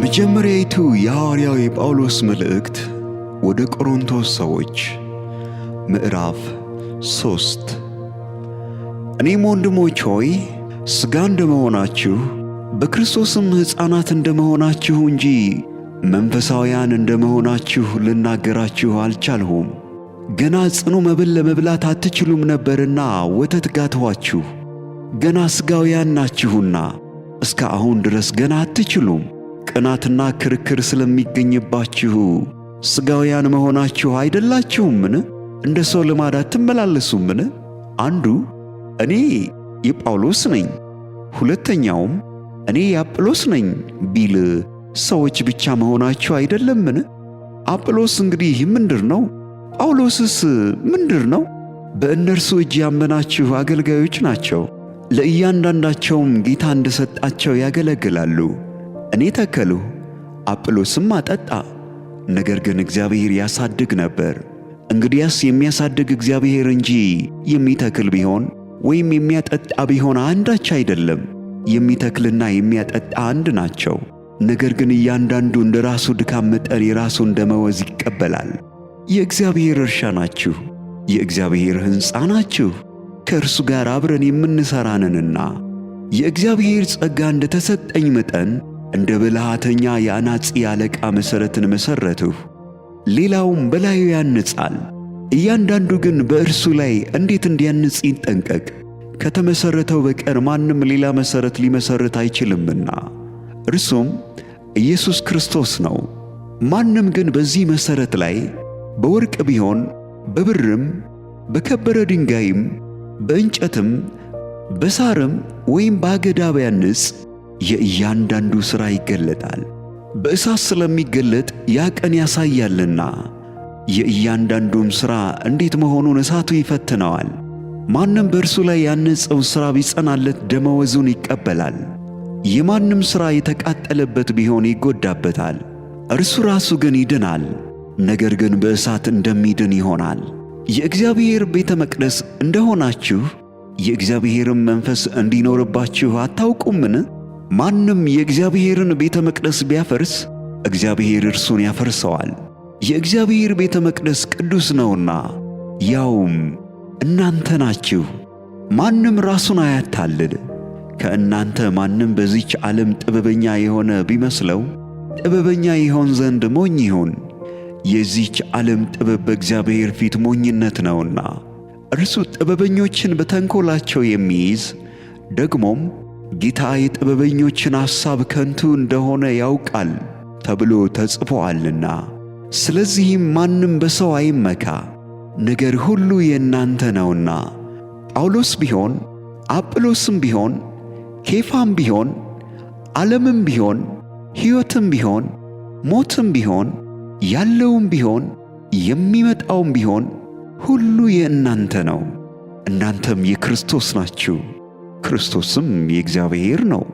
መጀመሪያይቱ የሐዋርያው የጳውሎስ መልእክት ወደ ቆሮንቶስ ሰዎች ምዕራፍ ሦስት እኔም ወንድሞች ሆይ ሥጋ እንደመሆናችሁ በክርስቶስም ሕፃናት እንደመሆናችሁ እንጂ መንፈሳውያን እንደመሆናችሁ ልናገራችሁ አልቻልሁም። ገና ጽኑ መብል ለመብላት አትችሉም ነበርና ወተት ጋትኋችሁ። ገና ሥጋውያን ናችሁና እስከ አሁን ድረስ ገና አትችሉም። ቅናትና ክርክር ስለሚገኝባችሁ ሥጋውያን መሆናችሁ አይደላችሁምን? እንደ ሰው ልማድ አትመላለሱምን? አንዱ እኔ የጳውሎስ ነኝ፣ ሁለተኛውም እኔ የአጵሎስ ነኝ ቢል ሰዎች ብቻ መሆናችሁ አይደለምን? አጵሎስ እንግዲህ ምንድር ነው? ጳውሎስስ ምንድር ነው? በእነርሱ እጅ ያመናችሁ አገልጋዮች ናቸው። ለእያንዳንዳቸውም ጌታ እንደሰጣቸው ያገለግላሉ። እኔ ተከልሁ፣ አጵሎስም አጠጣ፤ ነገር ግን እግዚአብሔር ያሳድግ ነበር። እንግዲያስ የሚያሳድግ እግዚአብሔር እንጂ የሚተክል ቢሆን ወይም የሚያጠጣ ቢሆን አንዳች አይደለም። የሚተክልና የሚያጠጣ አንድ ናቸው። ነገር ግን እያንዳንዱ እንደ ራሱ ድካም መጠን የራሱን ደመወዝ ይቀበላል። የእግዚአብሔር እርሻ ናችሁ፣ የእግዚአብሔር ሕንፃ ናችሁ፣ ከእርሱ ጋር አብረን የምንሠራ ነንና። የእግዚአብሔር ጸጋ እንደ ተሰጠኝ መጠን እንደ ብልሃተኛ የአናጺ አለቃ መሠረትን መሠረትሁ። ሌላውም በላዩ ያንጻል። እያንዳንዱ ግን በእርሱ ላይ እንዴት እንዲያንጽ ይጠንቀቅ፤ ከተመሠረተው በቀር ማንም ሌላ መሠረት ሊመሠርት አይችልምና እርሱም ኢየሱስ ክርስቶስ ነው። ማንም ግን በዚህ መሠረት ላይ በወርቅ ቢሆን በብርም በከበረ ድንጋይም በእንጨትም በሳርም ወይም በአገዳ ቢያንጽ የእያንዳንዱ ሥራ ይገለጣል። በእሳት ስለሚገለጥ ያ ቀን ያሳያልና የእያንዳንዱም ሥራ እንዴት መሆኑን እሳቱ ይፈትነዋል። ማንም በእርሱ ላይ ያነጸው ሥራ ቢጸናለት ደመወዙን ይቀበላል። የማንም ሥራ የተቃጠለበት ቢሆን ይጎዳበታል፣ እርሱ ራሱ ግን ይድናል፣ ነገር ግን በእሳት እንደሚድን ይሆናል። የእግዚአብሔር ቤተ መቅደስ እንደሆናችሁ የእግዚአብሔርም መንፈስ እንዲኖርባችሁ አታውቁምን? ማንም የእግዚአብሔርን ቤተ መቅደስ ቢያፈርስ እግዚአብሔር እርሱን ያፈርሰዋል። የእግዚአብሔር ቤተ መቅደስ ቅዱስ ነውና ያውም እናንተ ናችሁ። ማንም ራሱን አያታልል። ከእናንተ ማንም በዚች ዓለም ጥበበኛ የሆነ ቢመስለው ጥበበኛ ይሆን ዘንድ ሞኝ ይሁን። የዚች ዓለም ጥበብ በእግዚአብሔር ፊት ሞኝነት ነውና። እርሱ ጥበበኞችን በተንኮላቸው የሚይዝ ደግሞም ጌታ የጥበበኞችን ሐሳብ ከንቱ እንደሆነ ያውቃል ተብሎ ተጽፎአልና። ስለዚህም ማንም በሰው አይመካ፣ ነገር ሁሉ የእናንተ ነውና። ጳውሎስ ቢሆን አጵሎስም ቢሆን ኬፋም ቢሆን ዓለምም ቢሆን ሕይወትም ቢሆን ሞትም ቢሆን ያለውም ቢሆን የሚመጣውም ቢሆን ሁሉ የእናንተ ነው። እናንተም የክርስቶስ ናችሁ። ክርስቶስም የእግዚአብሔር ነው።